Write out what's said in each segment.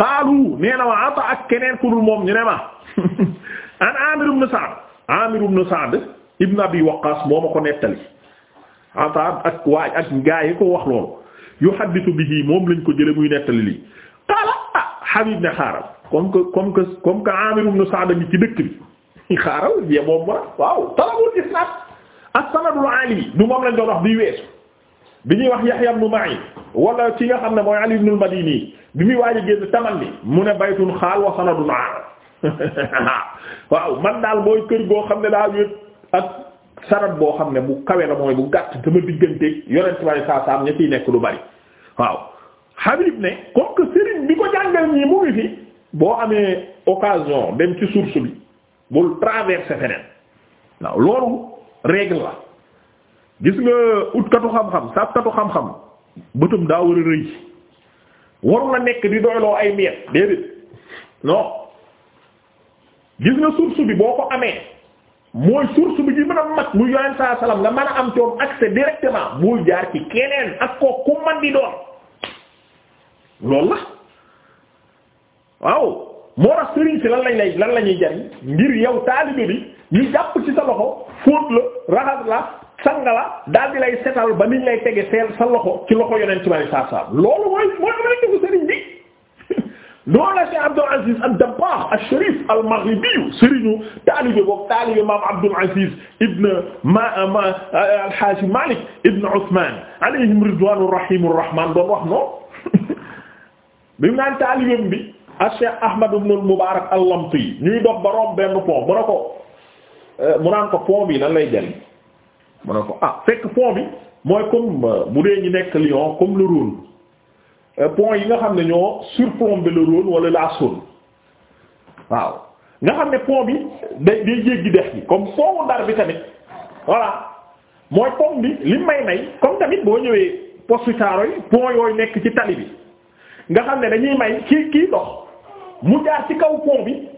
qaalu nee na ma ata ak keneen ku dul moom ñu ne ma an Amir ibn Sa'd Amir ibn Sa'd ibn Abi Waqqas moo ma ko nettali ata ak waay ak gaa yi ko wax loolu yuhaddisu bihi moom lañ ko jële muy nettali lii qaala ah Habib ne xaaral comme que comme que comme que Amir ibn Sa'd mi ci dëkk bi xaaral ye moom mu waaw talabul isnad as-sanadul ali du moom lañ doon wax bi weesu bi ñuy wax Yahya ibn Ma'in wala ci nga xam ne mooy Ali ibn al-Madini bi muy waaj a génn taman bi mu ne baytun xaal wa sanadun waaw man daal mooy kër goo xam ne daa wéet ak sanad boo xam ne bu kawe la mooy bu gàtt dama digganteeg yonent bari saa saam ña ciy nekk lu bari waaw Habib ne comme que Serigne bi ko jàngal ñii mu ngi boo amee occasion dem ci source bi bul traverser feneen waaw loolu règle la gis nga utkatu xam-xam sàkkatu xam-xam bëtum daa war a rëy waru la nekk di doyloo ay miet déedéet non gis nga source bi boo ko amee mooy source bi ñu mën a mag mu yonent saa salaam nga mën a am coom accès directement bul jaar ci keneen ak ko ku man di doon loolu la waaw moo tax sëriñ si lan lañ lay lan la ñuy jariñ ngir yow taalibe bi ñu jàpp ci sa loxo fóot la raxas la sangala daal di lay setal ba niñ lay tege seen sa loxo ci loxo ci bari saasaam loolu mooy mooy objectifu sëriñ bi loolu la Cheikh Abdul Aziz ad-Dabbagh ash-Sharif al-Maghribi sëriñu taalibe boobu taalibe maam Abdul Aziz ibn euh, euh, al-Haaji Malik ibn Usman alayhim ridwaanu rahiim rahmaan doon wax noonu bi mu naan taalibeem bi ak Cheikh Ahmad ibn mubarak al-Lamti ñuy dox ba romb benn pont mu ne ko euh, mu naan ko pont bi lan lay jël mu ne ko ah fekk pont bi mooy comme euh, bu dee ñu nekk Lyon comme le Rhône euh, pont yi nga xam ne ñoo surplombé le Rhône wala la Saône waaw nga xam ne pont bi day day jéggi dex gi comme pont Ndar bi tamit voilà mooy pont bi li may may comme tamit boo ñëwee poste caaro yi pont yooyu nekk ci tali bi nga xam ne dañuy may kii ki dox mu jaar ci kaw pont bi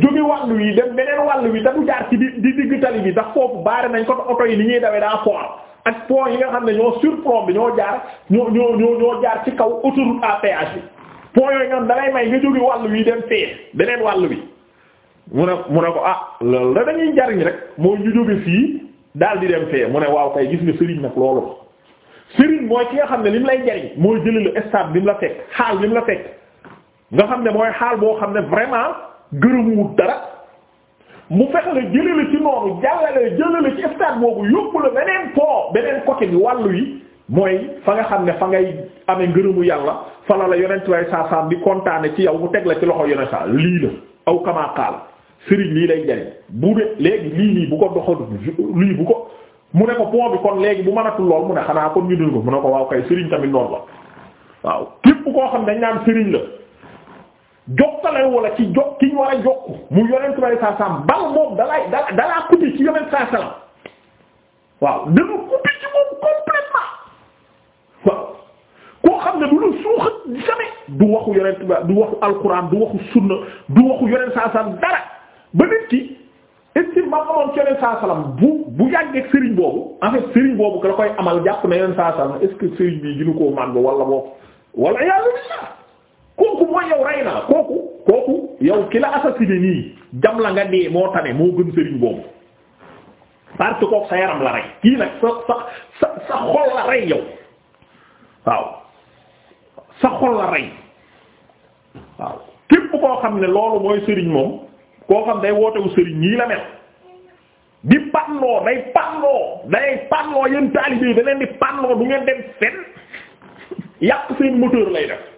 jóge wàll wi dem beneen wàll wi dafa jaar ci di digg tali bi ndax foofu baare nañ ko oto yi ni ñuy dawee daa fort ak pont yi nga xam ne ñoo sur bi ñoo jaar ñoo ñoo ñoo ñoo jaar ci kaw autoroute à péage bi pont yooyu nga xam dalay may nga jóge wàll wi dem fee beneen wàll wi mu ne mu ne ko ah loolu da dañuy jariñ rek mooy ñu jóge fii daal di dem fee mu ne waaw kay gis nga sëriñ nag loolu sëriñ mooy ki nga xam ne li mu lay jariñ mooy jëli la bi mu la fekk bi mu la xam ne mooy xaal boo xam ne vraiment gërëmuwut dara mu fexe la jëlee la ci noonu jàllale jëlee ci stade boobu yóbbu la beneen po beneen côté bi wàllu yi mooy fa nga xam ne fa ngay amee ngërëmu yàlla fa la la yonent way saa saam di kontaane ci yow mu teg la ci loxo yonent saa lii la aw kamaa qaal sëriñ lii lay jariñ bu de léegi lii nii bu ko doxal lii bu ko mu ne ko pont bi kon léegi bu mënatul lool mu ne xanaa kon ñu dul ko mu ne ko waaw kay sëriñ tamit noonu la waaw képp koo xam dañ naan sëriñ la. jokkale wala ci jokk ki ñu war a jokk mu yonent bi saa bal moom dalay dalaa coupé ci yonent saa saam waaw dama coupé ci moom complètement koo xam ne du la suuxa jamais du waxu yonent bi du waxu alquran du waxu sunna du waxu yonent saa dara ba nit ki estime ma ci yonent saa bu bu yàggee sëriñ boobu en fait sëriñ boobu da koy amal jàpp na yonent saa saam est-ce que sëriñ bi gënu koo màgg wala boobu wala yàlla kooku mooy yow rey naa kooku kooku yow ki la assassiné nii jam la nga dee moo tane moo gën sëriñ boobu parce que kooku sa yaram la rey kii nag sa sa sa xol la rey yow waaw sa xol la rey waaw képp koo xam ne loolu mooy sëriñ moom koo xam day wootewu sëriñ ñii la mel di pannoo day pannoo day pannoo yéen taalibe da leen di pannoo du ngeen dem fen yàq seen moteur lay def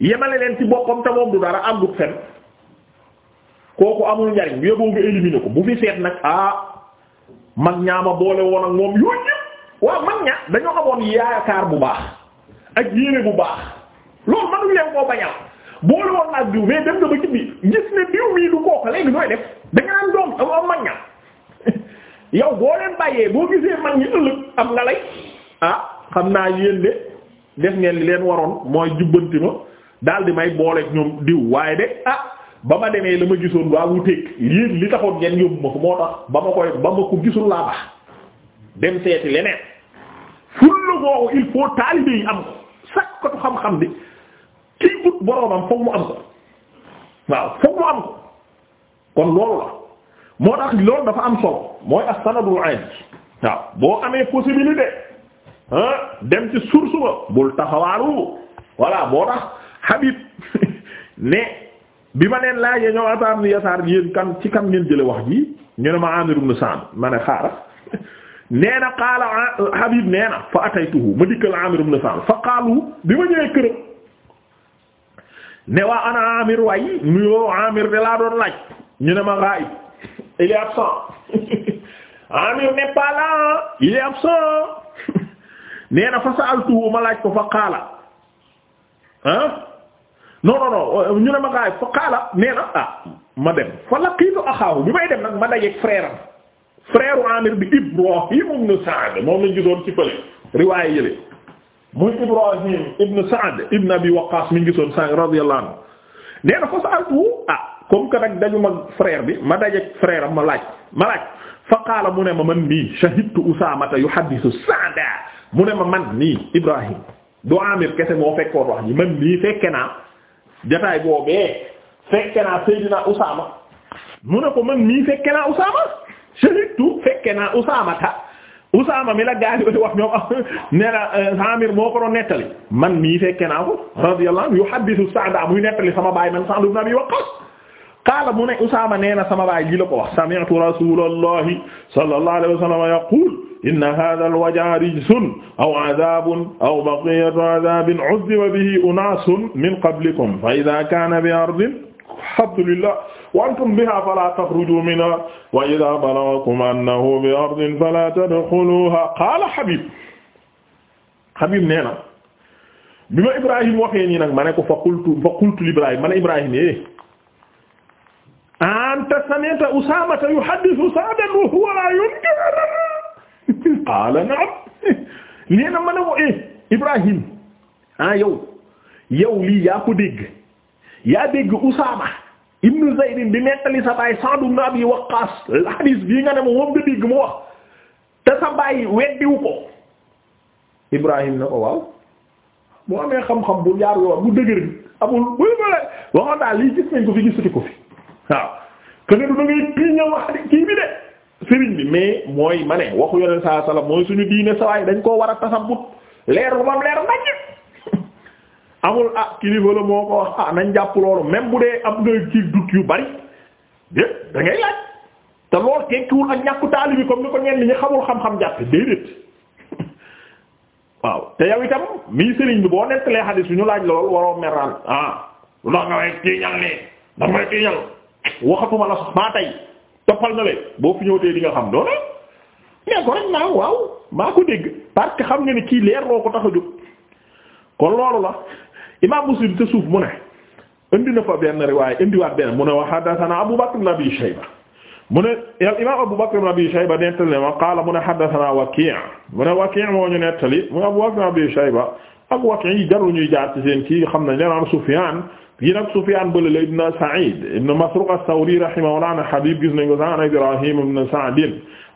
yemale leen ci boppam te moom du dara àndut fen kooku amul njariñ bu yeboo nga éliminer ko bu fi seet nag ah mag ñaama boole woon ak moom yooyu ñëpp waaw mag ña dañoo amoon yaakaar bu baax ak yéene bu baax loolu manul leen koo bañal boole woon ak def danga am doom am mag ña yow boo leen bàyyee boo gisee mag ñi ëllëg am nga lay ah xam naa yéen de def ngeen leen waroon mooy jubbanti ma daal di may booleeg ñoom diw waaye de ah ba ma demee la ma gisoon waa wuteeg yéen li taxoon ngeen yóbbu ma ko moo tax ba ma koy ba ma ko gisul laa bax dem seeti leneen fulla googu il faut taalibe am ko sakkatu xam-xam bi kii ut boroomam foog mu am ko waaw foog mu am ko kon loolu la moo tax loolu dafa am solo mooy as-sanadul aaj waaw boo amee possibilité ah dem ci source bul taxawaalu voilà boo tax Habib ne bi ma leen laajee ñoom Ataa ibn Yasaar yéen kan ci kan ngeen jële wax ji ñu ne ma Aamir ibn Sa'd ma ne xaaral nee na qaala Habib nee na fa ma dikkal Aamir ibn Sa'd fa qaalu bi ma ñëwee këram ne waa ana Aamir waay nuyoo Aamir de laa doon laaj ñu ne ma ghaib il est absent Aamir n'est pas il est absent nee na fa sa'altuhu ma laaj ko fa qaala ah. non non non euh, ñu ne ma ngaay fa xaala nee na ah ma dem fa laqiitu axaahu bi may dem nag ma dajeek frère am frère Amir bi Ibrahim ibn Sa'd moom lañ gisoon ci fële riwaaya yële muy Ibrahim ibn Sa'd ibn Abi Waqqas mi ngi gisoon sàng radiyallahu anhu nee na fa sa'altu ah comme que nag dañu mag frère bi ma dajeek frère am ma laaj ma laaj fa qaala mu ne ma man mii shahidtu Usaamata yuhaddisu Sa'da mu ne ma man nii Ibrahim du Amir kese moo fekkoon wax ji man mii fekke naa jataay boobee fekke naa Seydina Usaama mu ne ko man mii fekke na Usaama shahidtu fekke naa Usaama ta Usaama mi la gaani yi wax ñoom nee na euh, Amir moo ko doon nettali man mii fekke naa ko radiyallahu anhu yuhaddithu Sa'da muy nettali sama baay man Sa'd ibn Abi Waqqas qaala mu ne Usaama ne na sama baay lii la ko wax sami'tu rasulallahi sallallahu alayhi wa sallam yaqul inna hadha alwaja rijsun aw adabun aw baqiyatu adabin uzziba bihi unasun min qablikum fa idha kana bi ardin alhamdulillah wa antum biha fala takhruju minha wa idha balaghakum annahu bi ardin fala tadkhuluha qala habib habib nee na bi ma ibrahim waxee nii nag ma ne ko fa qultu fa qultu li ibrahim ma ne ibrahim é anta sami'ta usamata yuhaddithu sa'dan wa huwa la yunkir qaala naam nee na ma ne ko eh Ibrahim ah yow yow lii yaa ko dégg yaa dégg Usaama ibnu Zayd bi nettali sa baay Sa'd ibn Abi Waqqaas hadiis bii nga ne moom nga dégg mu wax te sa baay weddiwu ko Ibrahim na ko waaw mu amee xam-xam bu jaar yoon bu dëgër amul buy bële waxoon daal lii gis nañ ko fi gisati ko fi waaw kene du da ngay piiña wax kii bi de sëriñ bi mais mooy ma ne waxu yoneen saa salaam mooy suñu diine sawaay dañ koo war a tasabut leer bu mam leer nañ amul ah kilifa la ah, bu dee am nga ci dut yu bari dé da laaj te lool tekkiwul ak ñàkku taali bi comme ni ko ñenn ñi xamul xam-xam jàppe déedéet waaw te yow itam mii sëriñ bi boo nettalee xadis bi ñu laaj lool waroo meraan ah lu tax nga way tiiñal nii da tiiñal waxatuma la sax maa tey toppal na leen boo fi ñëwtee di nga xam doona nee ko rek naa waaw maa ko dégg parce xam nga ne kii leer loo ko tax a jóg kon loolu la imam Muslim te suuf mu ne indi na fa benn riwaay indiwaat benn mu ne wa haddathana Abu Bakr ibn Abi Shayba mu ne al imam Abu Bakr ibn Abi Shayba nettali ne ma qaala mu ne haddathana Waki' mu ne Waki' moo ñu nettali mu ne Abu Bakr ibn Abi Shayba ak Waki' yi jarul ñuy jaar ci seen kii xam nañ leen Sufyaan fii nag Sufyaan bële la ibn Sa'iid ibn Masruuq as-Sawri rahimahullah an Habiib gis nañ ko sax an Ibraahiim ibn Sa'd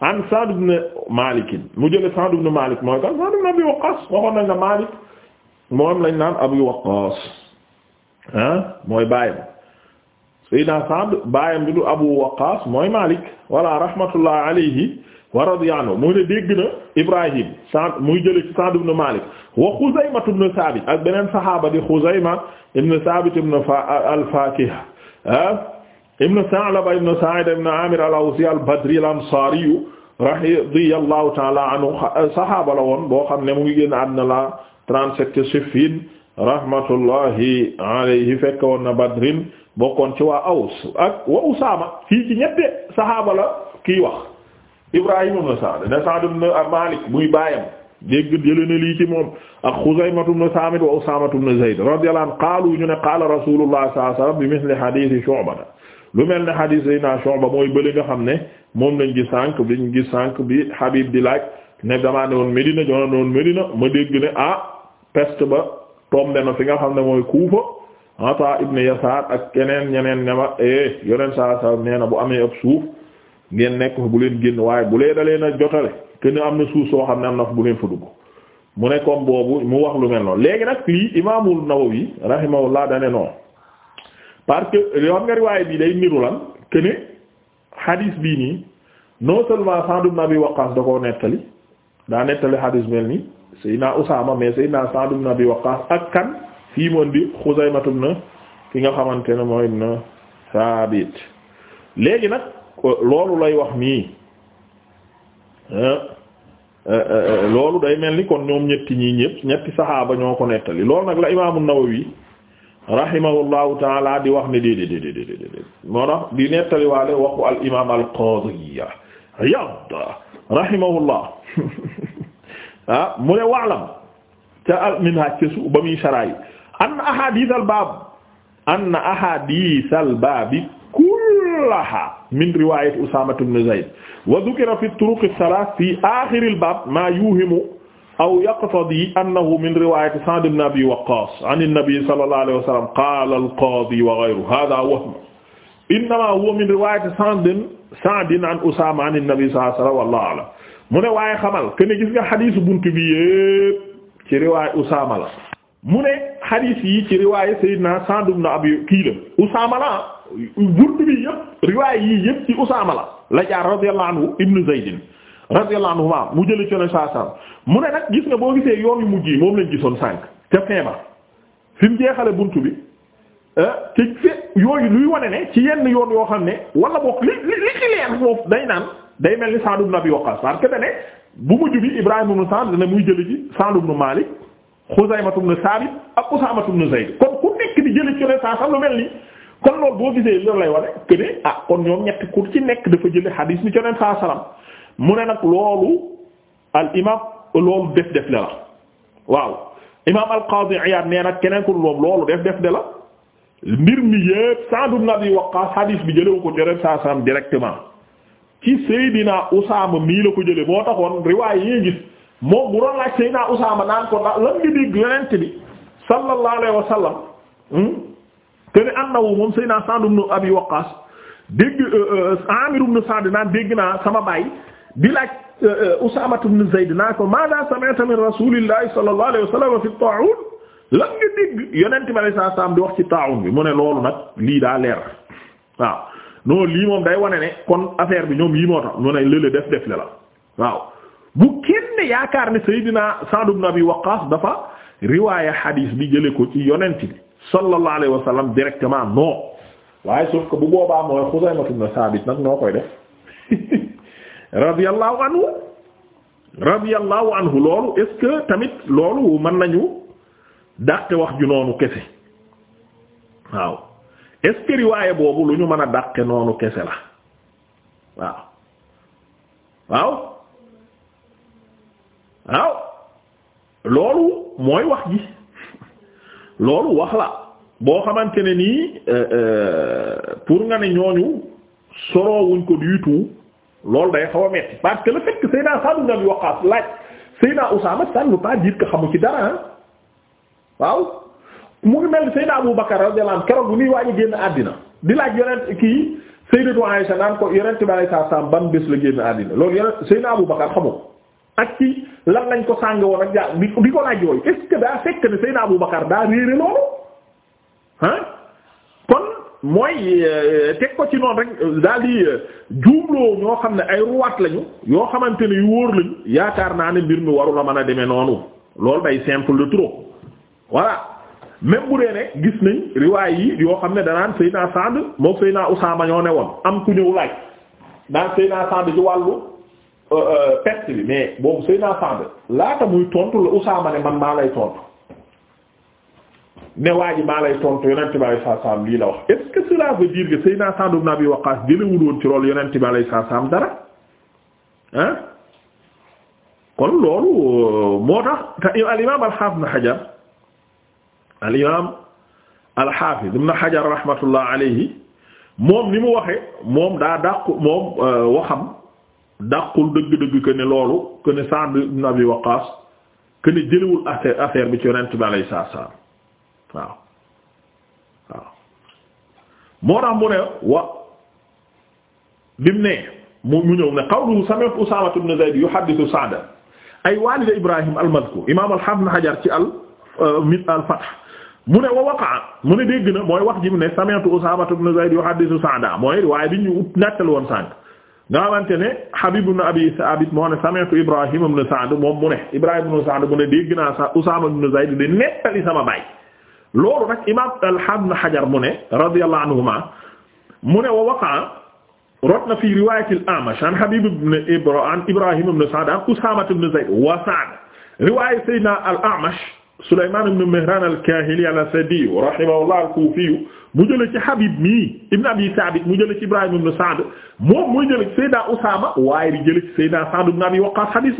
an Sa'd ibn Maalik mu jële Sa'd ibn Maalik mooy kan Sa'd ibn Abi Waqqaas waxoon nañ la Maalik moom lañ naan Abi Waqqaas ah mooy bàyyam Seydina Sa'd baayam bi du Abu Waqqas mooy Malik walla rahmatullah alayhi wa radiya anhu mu ne dégg na Ibrahim Sa'd muy jële ci Sa'd ibn Malik wa Xuzayma ibn Saabit ak beneen saxaaba di Xuzayma ibn Saabit ibn al-Faakih ah, ibn Sa'laba ibn Sa'id ibn Amir al-Awsi al-Badri al-Ansari radiyallahu ta'ala anhu saxaaba la woon boo xam ne mu ngi génn àddina la 37 Siffin rahmatullahi alayhi fekk woon na badrin bokkoon ci waa aws ak wa usaama fii ci ñetti saxaaba la kii wax ibrahim ibn Sa'd ne Sa'd ibn Malik muy baayam dégg jële na lii ci moom ak Xuzayma ibn Saamit wa Usaama ibn Zayd radiyallahu anhu qaalu ñu ne qaala Rasulullah sallallahu alayhi wasallam bi misli hadiisi Shu'ba lu mel ne hadiis Seydina Shu'ba mooy bële nga xam ne moom lañ gis sànq ñu gis sànq bi Habib di laaj ne damaa ne woon Medina ma dégg ne ah peste ba tombe na fi nga xam ne mooy Kuufa Ata ibn Yasaar ak keneen ñeneen ne ma eh yoneen saa saa nee na bu amee ab suuf ngeen nekk fa bu leen génn waaye bu lee dalee na jotale kenn am na suuf soo xam ne am na fa bu leen fa dugg mu ne boobu mu wax lu mel noonu léegi nag lii imaamul Nawawi rahimahullah dane noonu parce que yoo xam nga riwaay bi day niru lan que ne hadis bii nii non seulement Sa'd ibn Abi Waqqas da koo nettali daa nettali hadis mel naa Usaama mais Seydina Sa'd na Abi Waqqaas ak kan fii moon di Xuzayma ibn ki nga xamante ne mooy ibn Saabit léegi nag loolu lay wax nii loolu day mel ni kon ñoom ñetti ñii ñëpp ñetti saxaaba ñoo ko nettali loolu nag la imaamu Nawawi rahimahullahu taala di wax ne déedéet déedéet déedéet moo tax di nettali waale waxu al imaam al Qaadi Iyaad rahimahullah ah mu ne waalam ca alminhaj ca su ba muy saraa yi anna ahadith al baab anna ahadith al baabi kullaha min riwayat usama ibn zayd wa dhukira fi turuq ath-thalath fi akhir al baab ma yuhimu aw yaqtadi annahu min riwayat sa'd ibn abi waqqas an an-nabi sallallahu alayhi wa sallam qala al-qadi wa ghayruhu hadha wahm innama huwa min riwayat sa'd sa'd an usama an an-nabi sallallahu alayhi wa sallam wallahu a'lam mu ne waaye xamal que ne gis nga xadiisu bunt bi yépp ci riwaay Usaama mu ne xadiis yi ci riwaay Seydina Sa'd ibn Abi kii la Usaama la bunt bi yépp riwaay yii yépp ci Usaama la jaar radiyallahu anhu ibnu Zaydin radiyallahu anhu ma mu jële ci ne mu ne nag gis nga boo gisee yoon yu mujj yi moom lañ gisoon sànq ca feebar fi jeexale bunt bi ah, te fe yooyu luy wane ne ci yenn yoon yoo xam ne wala boog li li li ci leer foofu day naan day mel ni Sa'd ibn Abi Waqqas parce que ne bu mujj bi Ibrahim ibn Sa'd dana muy jëli ji Sa'd ibn Malik Xuzayma ibn Sabit ak Usaama lu mel nii kon loolu boo gisee loolu lay wane que ne ah kon ñoom ñetti ku ci nekk dafa jëli xadiis ni ci yoneen mu ne nag loolu al imaam loolu def def la waaw imaam al Qaadi Iyaad nee nag keneen ku loom loolu def def de la mbir mi yépp Sa'd ibn Abi Waqqas xadiis bi jëlewu ko ci yoneen saa directement. ci Seydina Usaama mii la ko jële moo taxoon riwaay yi gis bu doon laaj Seydina Usaama naan ko lan nga dégg yonent sallallahu alayhi wa sallam hmm? te ni annahu moom Seydina Sa'd ibn Abi Waqqaas dégg euh, euh, Aamir ibn Sa'd naan dégg naa sama baay di laaj euh, Usaama ibn Zayd naan ko maada sami'ta min rasuulillahi sallallahu alayhi wa sallam fi taa'uun lan nga dégg yonent bi salaam di wax ci taa'uun bi mu ne loolu nag lii daa leer waaw non lii moom day wane ne kon affaire bi ñoom yii moo ñu ne le la waaw bu ne Seydina Sa'd ibn Abi Waqqas dafa riwaaya hadis bi jële ko ci yonent bi sallallahu alayhi wa sallam directement non waaye sauf que bu boobaa mooy Xuzayma koy def radiyallahu anhu radiyallahu anhu tamit loolu mën nañu dàqe wax ju noonu kese waaw est-ce boobu lu ñu mën a dàqe noonu kese la waaw waaw waaw loolu mooy wax ji loolu wax la boo xamante ne nii euh, euh, pour nga ne ñooñu soroowuñ ko du tout loolu day xaw a metti parce que le fait que Seydina Sa'd ibn Abi Waqqas laaj Seydina Usaama ça ne veut pas xamu ci dara waaw mu ngi mel Seydina Abu Bakar radiyallahu anhu keroog bu muy waaj génn àddina di laaj yonent kii Sayyidatu Aisha naan ko yonent bi sallallahu alayhi ban bés la génn àddina loolu yonent Seydina Abu Bakar xamu ak ci lan lañ ko sàng woon ak ja bi ko laaj yooyu est ce que daa fekk ne Seydina Abu Bakar daa réere loolu ah kon mooy euh, teg ko ci noonu rek euh, daal di euh, juumloo ñoo xam ne ay ruwaat lañu yoo xamante ni yu wóor lañu yaakaar naa ne mbir mi waru mën a demee noonu loolu day simple de même bu dee ne gis nañ riwaay yi yoo xam ne danaan Seydina Sa'd moom Seydina Usaama ñoo ne woon am ku ñëw laaj naan Seydina Sa'd ci wàllu euh, euh, peste bi mais boobu Seydina Sa'd laata muy tontu la Usaama ne man maa lay tontu ne waa ji maa lay tontu yonent bi alayhi salaam lii la wax est-ce que cela veut dire que Seydina Sa'd ibn Abi Waqqaas jëlewul woon ci loolu yonent bi alayhi salaam dara ah kon loolu euh, moo tax te al imaam al-Haafiz Ibn Hajar al imaam al xaafiz ibn Hajar rahmatullah alayhi moom ni mu waxee moom daa dàqu moom euh, waxam dàqul dëgg-dëgg que ne loolu que ne Sa'd ibn Abi Waqqas que ne jëlewul affaire affaire bi ci yonent bi alayhi salaam waaw waaw moo tax mu ne wa bi mu ne mu mu ñëw ne qawluhu sami'tu Usaama ibn Zayd yuhaddithu Sa'da ay waalida Ibrahim al-madhkur imaam al-Hafiz Hajar ci al euh, mit al-Fath mu ne wa waqaa mu ne dégg na mooy wax ji mu ne sami'tu Usaama ibn Zayd yuhaddisu Sa'da mooy waaye bi ñu nettal woon sànq nga xamante ne Habib ibn Abi Sabit moo ne sami'tu Ibrahim ibn Sa'd moom mu ne Ibrahim ibn Sa'd mu ne dégg naa sa Usaama ibn Zayd di nettali sama baay loolu nag imaam al-Hafiz Hajar mu ne radiyallahu anhuma mu ne wa waqaa rot na fi riwaayati al-A'mash an Habib ibn Ibrahim ibn Sa'd an Usaama ibn Zayd wa Sa'd riwaaya sayyidina al-A'mash Sulaymaan ibn Mihraan al-Kaahili al-Asadi rahimahullah al-Kuufi mu jëlee ci Habib mi ibn Abi Saabit mu jëlee ci Ibrahim ibn Sa'd moom muy jëlee ci Seydina Usaama waaye di jëlee ci Seydina Sa'd ibn Abi Waqqaas hadiis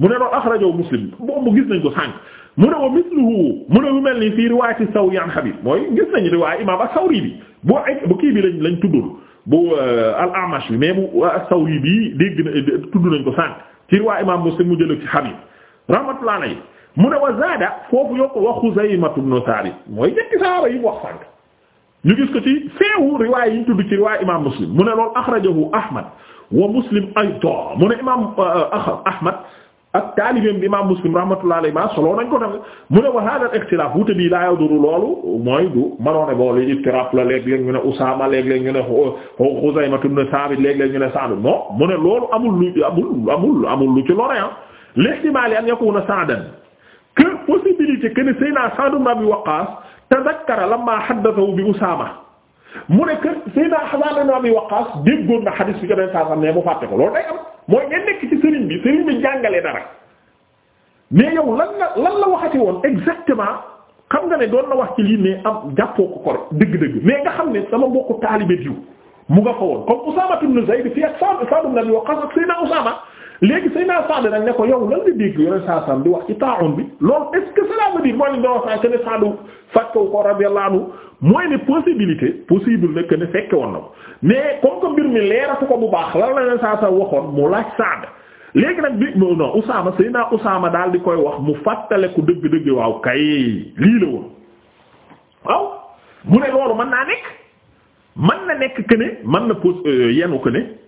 mu ne loolu axrajahu Muslim boobu gis nañ ko sànq mu ne wa misluhu mu ne lu mel ni fii riwaayati Sawri an Habib mooy gis nañ riwaaya Imaam as-Sawri bi bu bu kii bi lañ lañ tuddul bu euh, al-A'mash bi mais bu euh, as-Sawri bi dégg na tudd nañ ko sànq ci riwaaya Imaam Muslim mu jëlee ci Habib rahmatullahi alayhi mu ne wa zaada foofu yokk wa Xuzaymatu ibn Saabit mooy ñetti saaba yi mu wax sànq ñu gis ko ci feewu riwaay yi ñu tudd ci riwaay imaam Muslim mu ne loolu axrajahu Ahmad wa Muslim aydan mu ne imaam euh, Ahmad ak taalibeem bi imaam Muslim rahmatullahi alayhi ma solo nañ ko tamit mu ne wa hada al-ixtilaaf wuute bii laa yaduru loolu mooy du mënoo ne boole ittiraf la léeg-léeg ñu ne Usaama léeg-léeg ñu ne Xuzayma ibn Saabit léeg-léeg ñu ne Sa'd non mu ne loolu amul lu amul amul amul lu ci loree ah l'ihtimaal an yakuna Sa'dan que possibilité que ne Seydina Sa'd ibn Abi Waqqas tazakkara lamma haddathahu bi Usaama mu ne que Seydina Sa'd ibn Abi Waqqas déggoon na xadis bi ko den saa sax mais mu fàtte ko loolu day am mooy nga nekk ci sëriñ bi sëriñ bi jàngalee dara mais yow lan la lan la waxati woon exactement xam nga ne doon na wax ci lii mais am jàppoo ko kor dëgg-dëgg mais nga xam ne sama mbokku taalibe diw mu nga fa woon comme Usaama ibn Zayd fii ak Sa'd ibn Abi Waqqas ak Seydina léegi say naa Saad nag ne ko yow lan nga dégg yore saa di wax ci taa'un bi loolu est-ce que cela veut dire mooy li nga wax ne possibilité possible na que fekke woon na ko mais comme que mbir mi leeratu ko bu baax lan la leen saa waxoon mu laaj Saad léegi nag bi non non Usaama say naa Usaama daal di koy wax mu fàttale ku dëgg-dëgg waaw kay lii la woon waaw mu ne loolu mën naa nekk mën na nekk que man na pos euh, yenu que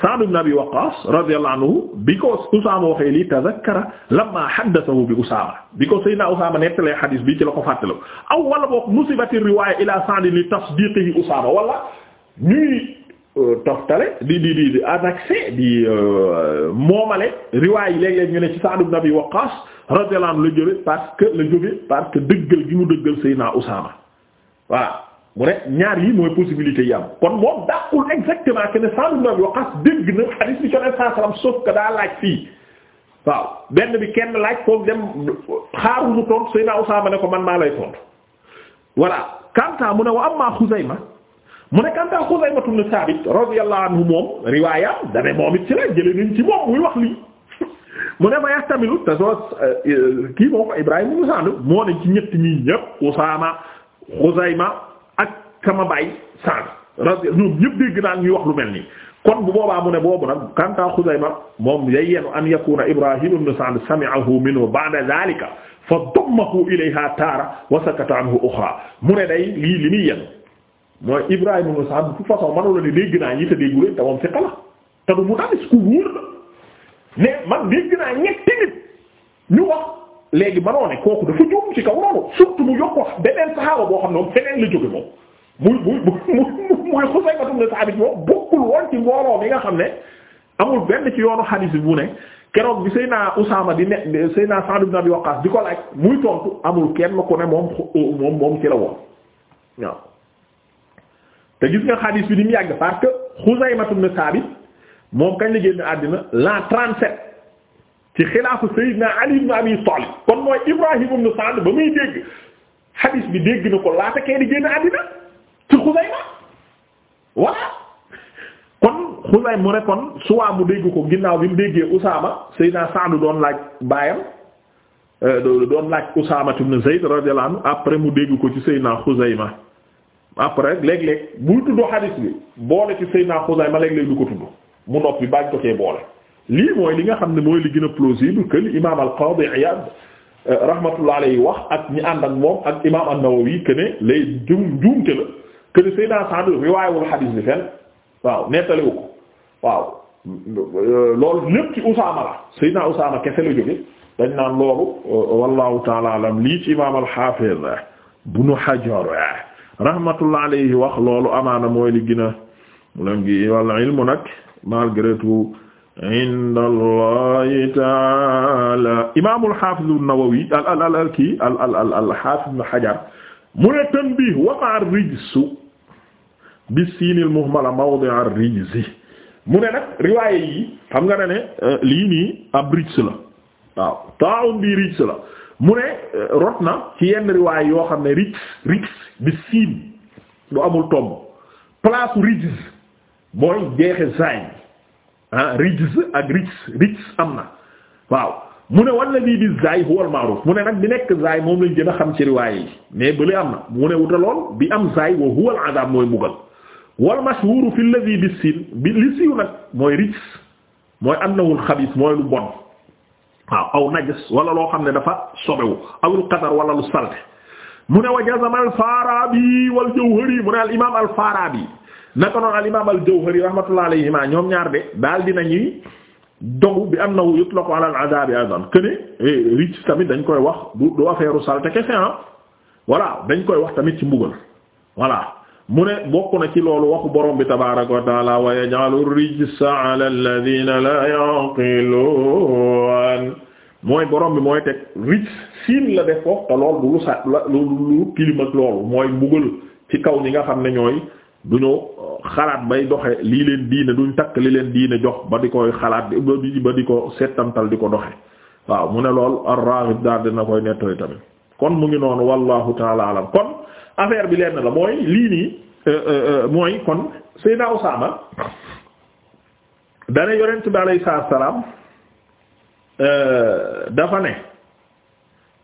Sa'd ibn Abi Waqqas radiyallahu anhu bi ko Usaama waxee lii tazakkara lamma haddathahu bi Usaama bi ko Seydina Usaama nettalee xadis bi ci la ko fàttali aw wala boog musibati riwaaya ila Sa'd li tasdiqihi Usaama wala ñuy euh, toftale di di di di annexé di euh, moomale riwaay yi léeg-léeg ñu ne ci Sa'd ibn Abi Waqqas radiyallahu anhu la jële parce que la jóge parce que dëggal gi mu dëggal Seydina Usaama voilà mu ne ñaar yi mooy possibilité yi kon moom dàqul exactement que ne Sa'd ibn Abi Waqqas na hadith bi cone saa salaam sauf que daa laaj fii waaw benn bi kenn laaj foofu dem xaaru mu tontu Seydina Usaama ne ko man maa lay tontu voilà Kanta mu ne wa amma ma mu ne Kanta Xuzayma ibn Saabit radiyallahu anhu moom riwaaya da moom it ci la jëlee nañ ci moom muy wax lii mu ne ma yastamilu te soo euh, kii moom Ibrahima ibn Sa'd moo ne ci ñett sama baay Sa'd radi ñoom wax lu mel nii kon bu boobaa mu ne boobu nag kanta Xuzayma moom yayyenu an yakuna Ibrahim ibn Sa'd sami'ahu minhu ba'da dhalika fa dammahu ilayha taara wa sakata anhu mu ne day lii li muy yen mooy Ibrahim ibn Sa'd fu façon ne dégg ñi te déggu leen te moom fiqa la te du mu dalis ku wóor la man dégg naa ñetti ñu wax léegi manoo ne kooku dafa juum ci kaw noonu surtout mu yokk wax beneen saxaaba boo xam ne moom feneen la jóge moom muy muy muy Xusayma ibn Saabit moom bokkul woon ci mbooloo mi nga xam ne amul benn ci yoonu xadiis bi bu ne keroog bi Seyna Usaama di di amul kenn ku ne moom euh, moom moom bi ni mu yàgg parce que Xusayma ibn Saabit moom kañ la muy dégg xadiis bi dégg na ko laata kay di génn àddina. ci Xuzayma voilà kon Xuzay mu ne kon suwaa mu dégg ko ginnaaw bi mu déggee Usaama Seydina Saadu doon laaj baayam euh, doon laaj Usaama ibn Zayd radiyallahu anhu après mu dégg ko ci Seydina Xuzayma après léeg-léeg buy tudd hadis bi boole ci Seydina Xuzayma léeg-léeg du ko tudd mu noppi baañ ko boole. lii mooy li nga xam ne mooy li gën a plausible que li imaam al-Qaadi Iyaad euh, rahmatullah alayhi wax ak ñi ànd ak moom ak imaam an-Nawawi que lay juum juumte la. këri Seydina Sa'd riwaayewul xadiis bi fenn waaw nettaliwu ko waaw loolu lépp ci Usaama la Seydina Usaama kese la jóge dañ naan loolu wallahu taala alam lii ci imaam al-Hafiz Ibn Hajar rahmatullah alayhi wax loolu amaana mooy li gën a lan gi walla ilmu nag malgré tout inda allahi taala imaam al-Hafiz an-Nawawi al al al al kii al al al al Hafiz Ibn Hajar mu ne tanbih wa ma'a rijsu bi siinil muhmala mawdi ar-rijzi mu ne nag riwaaye yi xam nga ne ne euh, lii nii ab rijs la waaw taawun bi rijs la mu ne euh, rot na ci yenn riwaaye yoo xam ne rijs rijs bi siin lu amul tomb place rijs mooy jeexe zaay ah rijs ak rijs rijs am na waaw mu ne walla lii bi zaay huwa al-ma'ruf mu ne nag bi nekk zaay moom lañ gën a xam ci riwaaye yi mais bële am na mu ne wuta lool bi am zaay wa huwa al mooy mbugal wal mashhuru fi alladhi bi sin bi li siiw nag mooy rijs mooy annahu al xabis mooy lu bon waaw aw najas wala loo xam ne dafa sobewu awul qadar wala lu salte mu ne wa jazama al Farabi wal Jawhari mu ne al imaam al Farabi naka noonu al imaam al Jawhari rahmatullahi alayhima ñoom ñaar de daal dinañuy dogu bi am yutlaqu ala al adabi adan que ne eh, dañ koy wax du du ah voilà dañ koy wax tamit ci mbugal voilà. mu ne bokk na ci loolu waxu borom bi tabaaraka wa taala wa yaj'alu rijsa 'ala alladhina la yaqilun mooy borom bi mooy teg rijs siin la def foofu te lool du lu sa lu lu tilim ak loolu mooy mbugal ci kaw ñi nga xam ne ñooy duñu xalaat bay doxe lii leen diine duñ takk li leen diine jox ba di koy xalaat ba di ko settantal di ko doxe waaw mu ne lool ar-Raghib daal dina koy nettali tamit kon mu ngi noonu wallahu taala kon affaire bi lenn la mooy lii nii euh, euh, euh, mooy kon Seydina Usaama dana yonent bi alayhi salaatu salaam dafa ne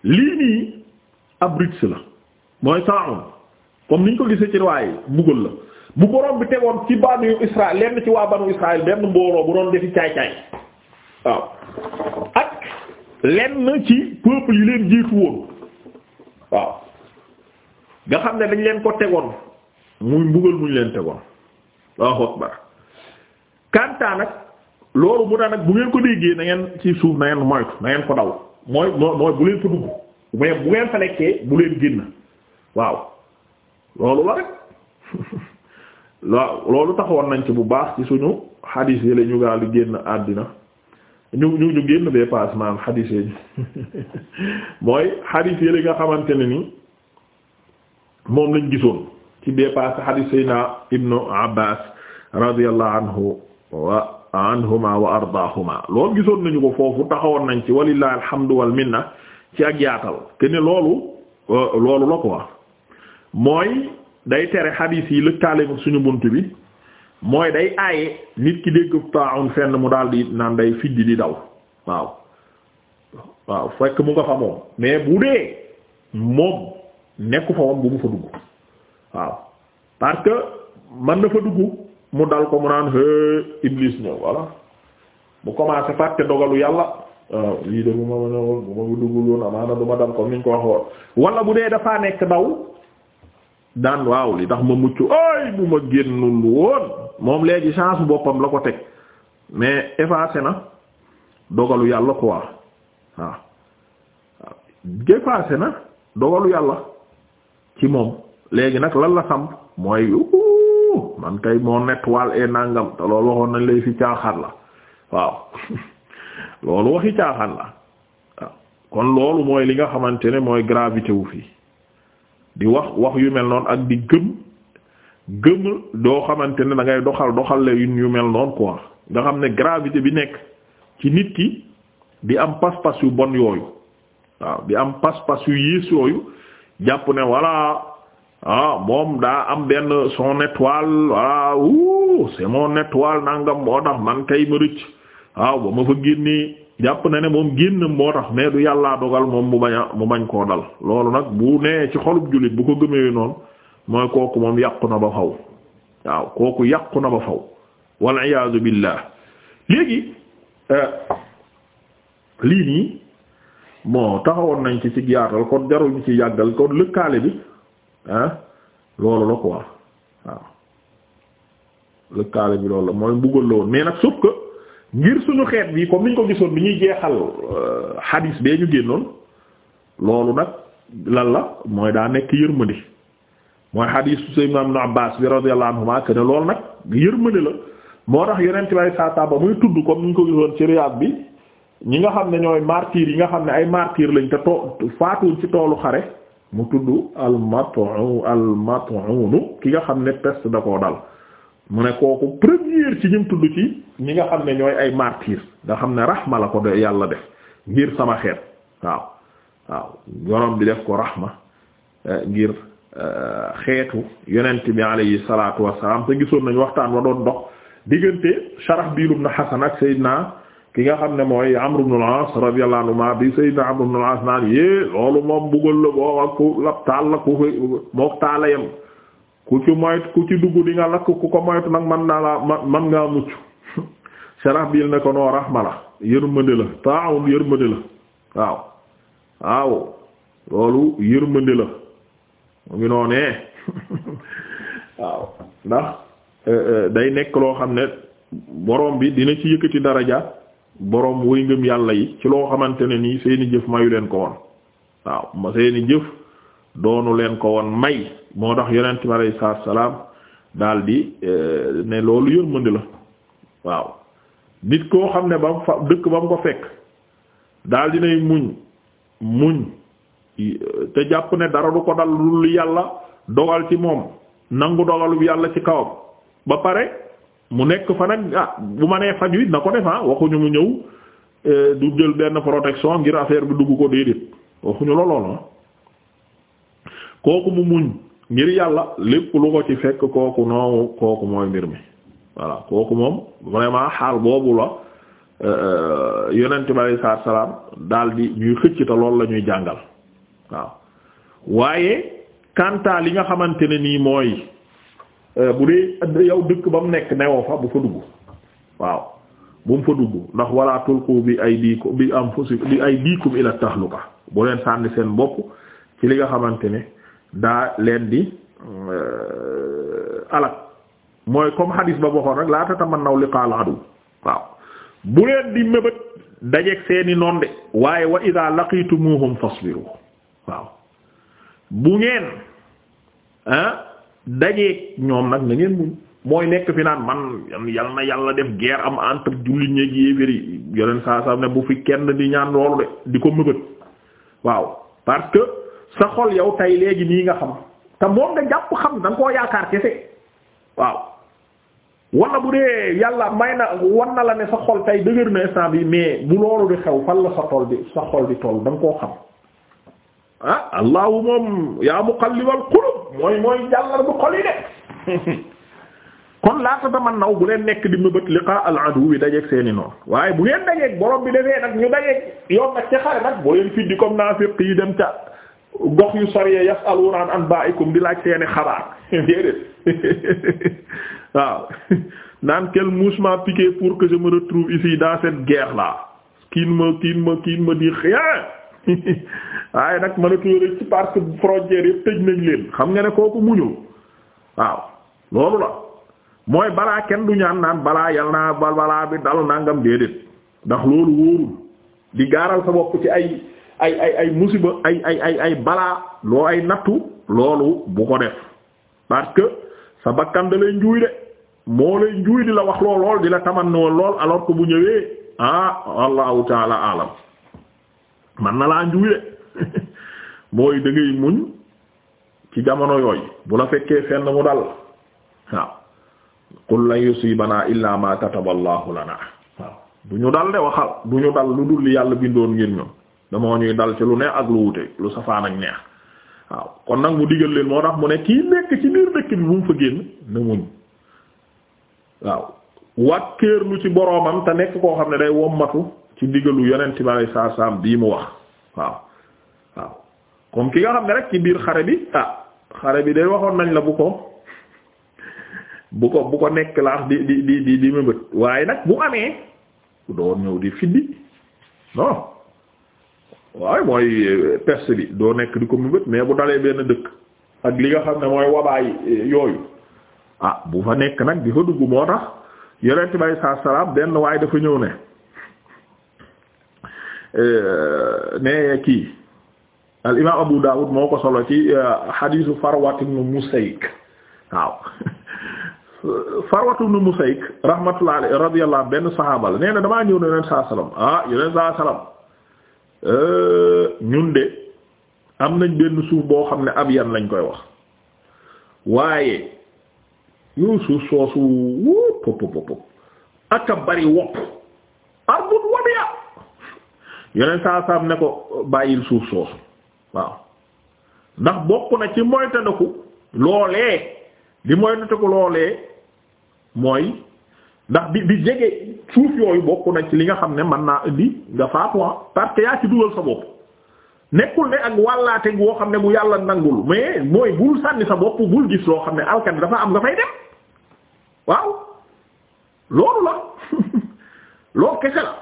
lii nii ab rites la mooy ta'un comme niñ ko gisee ci riwaay mbugal la bu borom bi tegoon ci banu Israël lenn ci waa banu Israël benn mbooloo bu doon defi caay-caay waaw ak lenn ci peuple yi leen jiitu woon waaw nga xam ne dañ leen ko tegoon muy mbugal muñ leen tegoon Allahu akbar kanta nag loolu mu daa nag bu ngeen ko déggee na ngeen ci suuf na ngeen moytu na ko daw mooy mooy bu leen fa dugg mais bu ngeen fa nekkee bu leen génn waaw loolu la rek loolu taxawoon nañ ci bu baax ci suñu xadiis yi la ñu gaal génn àddina ñu ñu ñu génn bee paas maanaam xadiis mooy xadiis yi nga xamante ne ni moom lañ gisoon ci bee paase xadiis sayna ibnu abbas radiyallahu anhu wa anhuma wa ardaahuma loolu gisoon nañu ko foofu nañ ci walillahi alhamdu wal minna ci ak yaatal ke loolu loolu ko wax mooy day tere xadiis yi lëkkaale ko suñu bunt bi mooy day aaye nit ki mu daal di naan day fiddi di daw waaw waaw fekk mu nga fa moom mais bu dee moom nekku fa woon bu mu fa dugg waaw parce que man na fa dugg mu dal ko mu naan hë Iblis ñëw voilà mu commencé fàtte dogalu yàlla waaw ah, lii de bu ma ma ne woon amaana du ma dal comme ni ko wax woon wala bu dee dafaa nekk ndaw daan waaw li ndax ma mucc ay bu ma génnul woon moom léegi chance boppam la ko teg mais effacé na dogalu yàlla quoi waaw waaw effacé na dogalu yàlla ci moom léegi nag lan la samp mooy man kay moo nettoile et nangam te loolu waxoon nañ lay fi caaxaan la waaw loolu waxi caaxaan la waaw kon loolu mooy li nga xamante ne mooy gravité wu fii di wax wax yu mel noon ak di gëm gëm doo xamante ne da ngay doxal doxal la yu mel noonu quoi nga xam ne gravité bi nekk ci nit ki di am pas-pas yu bon yooyu waaw di am pas-pas yu yées yooyu jàpp ne voilà ah moom daa am benn son étoile ah wuu c'est mon étoile nangam moo tax man kay ma rëcc waaw ba ma fa génnee jàpp na ne moom génn moo tax mais du yàllaa dogal moom mu bañ mu bañ koo dal loolu nag bu nee ci xolub jullit bu ko gëmee noonu mooy kooku moom yàqu na ba faw waaw kooku yàqu na ba faw walla iyaazu billaah léegi euh, lii nii bon taxawoon nañ ci ci yaatal kon jarul ñu ci yàggal kon lëkkaale bi ah loolu la quoi waaw lëkkaale bi loolu la mooy mbugal la woon mais nag sauf que ngir suñu xeet bi comme niñ ko gisoon bi ñuy jeexal xadiis euh, bee ñu génnoon loolu nag lan la mooy daa nekk yërmande mooy xadiisu Seydina Ibn Abbaas bi radiyallahu anhuma que ne loolu nag yërmande la moo tax yeneen ci lay saa ba muy tudd comme niñ ko gisoon ci Riyaad bi. ñi nga xam ne ñooy martyr yi nga xam ne ay martyr lañ te too faatuñ ci toolu xare mu tudd al mat'un al ki nga xam ne peste da koo dal mu ne kooku première ci ñim tudd ci ñi nga xam ne ñooy ay martyr nga xam ne rahma la ko de yàlla def ngir sama xeet waaw waaw yorom bi def ko rahma eh, ngir eh, xeetu yonent bi alayhi salaatu wassalaam te gisoon nañu waxtaan wa doon dox diggante Sharaxbiil ibn Hasan ak Seydina ki nga xam ne mooy Amr ibn al-As radiyallahu anhu bi Sayyidina Amr ibn al-As naan yée loolu moom buggal la boo ak ku lab taal la ku fi taala yam ku ci moytu ku ci dugg di nga lakk ku ko moytu nag man naa la man ngaa mucc ne ko noo rahma la yërmande la taawun yërmande waaw waaw loolu yërmande mu ngi noonee waaw ndax eh, eh, day nekk loo xam ne borom bi dina ci yëkkati daraja boroom way yàlla yi ci loo xamante ne nii seeni jëf mayu leen ko woon waaw ma seeni jëf doonu leen ko won may moo tax yonent bi alayhi salaatu salaam daldi eh, ne loolu yërmande la waaw nit koo xam ne ba mu fa dëkk ba mu ko fekk di ne muñ muñ te jàpp ne dara du ko dal lu yàlla dogal ci moom nangu dogalu yàlla ci kawam ba pare mu nekk fa nag ah, bu ma nee faju it na ko def ah waxuñu mu ñëw eh, du jël benn protection ngir affaire bi dugg ko déedéet waxuñu la lool ah. kooku mu muñ ngir yàlla lépp lu ko ci fekk kooku noowu kooku mooy mbir mi voilà kooku moom vraiment xaal boobu la eh, eh, yonent bi alayhi salaatu salaam daal ñuy xëcc te loolu la ñuy jàngal waaw waaye kanta li nga xamante ne nii mooy. Euh, bu dee yow dëkk ba mu nekk newoo fa bu fa dugg waaw bu mu fa dugg ndax wala tulqu bi ay diiku bi am fusi bi ay diikum ila tahluka bu leen sànni seen bopp ci li nga xamante ne daa leen di euh, alak mooy comme hadis ba boxoon rek laa tatamannaw liqa'al adu waaw bu leen di mébét dajeeg seeni noon de waaye wa idha laqitumuhum fasbiru waaw bu ngeen ah dajeeg ñoom nag na ngeen muñ mooy nekk fi naan man yal na yàlla def guerre am entre jullit ñeeg yéefér yi yeneen saa saa ne bu fi kenn di ñaan loolu de di ko mëbët waaw parce que sa xol yow tey léegi nii nga xam te moom nga jàpp xam da nga koo yaakaar kese waaw wala bu dee yàlla may na wan na la ne sa xol tey dëgër na instant bi mais bu loolu di xew fan la sa tool di sa xol di toll da koo xam ah allahu moom yaa muqallibal qulub mooy mooy jàllar bu xol yi de kon laata taman naw bu leen nekk di mëbët liqa al adu bi dajeeg seeni noonu waaye bu ngeen dajeeg borom bi defee nag ñu dajeeg yoon nag ca xare nag boo leen fiddi comme naafiq yi dem ca gox yu soriye yasaluuna an anba'ikum di laaj seeni xabaar déedéet waaw naan quelle mouche m'a piqué pour que je me retrouve ici dans cette guerre là kiin ma kiin ma kiin ma di rien waaye nag mënatuñu rek ci parce que frontière yëpp tëj nañ leen xam nga ne kooku muñul waaw loolu la mooy balaa kenn du ñaan naan balaa yal naa bal balaa bi dal nangam déedéet ndax loolu wóorul di gaaral sa bopp ci ay ay ay ay musiba ay ay ay balaa loo ay nattu loolu bu ko def parce que sa bakkan da lay njuuy de moo lay njuuy di la wax lool lool di la taman lool alors que bu ñëwee ah allahu taala man na laa njuuy de mooy da muñ ci jamono yooy bu la fekkee fenn mu dal waaw qul lan yusibanaa illaa ma kataba allahu waaw du ñu dal de waxal du ñu dal lu dul yàlla bindoon ngir ñun damoo ñuy dal ci lu neex ak lu wute lu safaan ak neex waaw kon nag mu digal leen moo tax mu ne kii nekk ci biir dëkk bi bu mu fa génn na muñ waaw wàkkeerlu ci boroomam te nekk koo xam ne day wommatu ci digalu yonent bi alayhi bii mu wax waaw waaw comme ki nga xam ne rek ci biir xare bi ah xare bi de waxoon nañ la bu ko bu ko bu ko nekk laax di di di di di waaye nag bu amee doon ñëw di fiddi non waaye mooy peste bi doo nekk di ko mëbët mais bu dalee benn dëkk ak li nga xam ne mooy wabaay yooyu ah bu fa nekk nag di fa dugg moo tax yonent bi alayhi salaatu salaam benn waaye dafa ñëw ne ne euh, kii al imaam Abu Dawud moo ko solo ci xadiisu euh, Farwat ibn Musayk waaw Farwat ibn Musayk rahmatullah benn saxaaba la nee na damaa ñëw ne yoneen saa salaam ah yoneen salaam euh, ñun de am nañ benn suuf boo xam ne ab yan lañ koy wax waaye yow suuf soosu wóop pop pop ak bari wopp yeneen saam ne ko bàyyil suuf soosu waaw ndax bokk na ci moytandiku loolee li moytandiku loolee mooy ndax bi bi jege suuf yooyu bokk na ci li nga xam ne mën naa indi nga faatu ah, parce que yaa ci dugal sa bopp nekkul ne ak wàllaate woo xam ne bu yàlla nangul mais mooy bul sànni sa bopp bul gis loo xam ne alkane dafa am nga fay dem waaw loolu la loolu kese la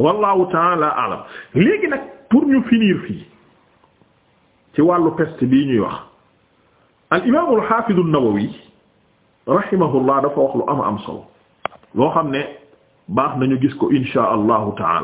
wallahu taala alam léegi nag pour ñu finir fii ci wàllu peste bi ñuy wax al imaamu al xaafidu an-Nawawi wax lu am am solo loo xam ne baax nañu gis ko insha allahu taala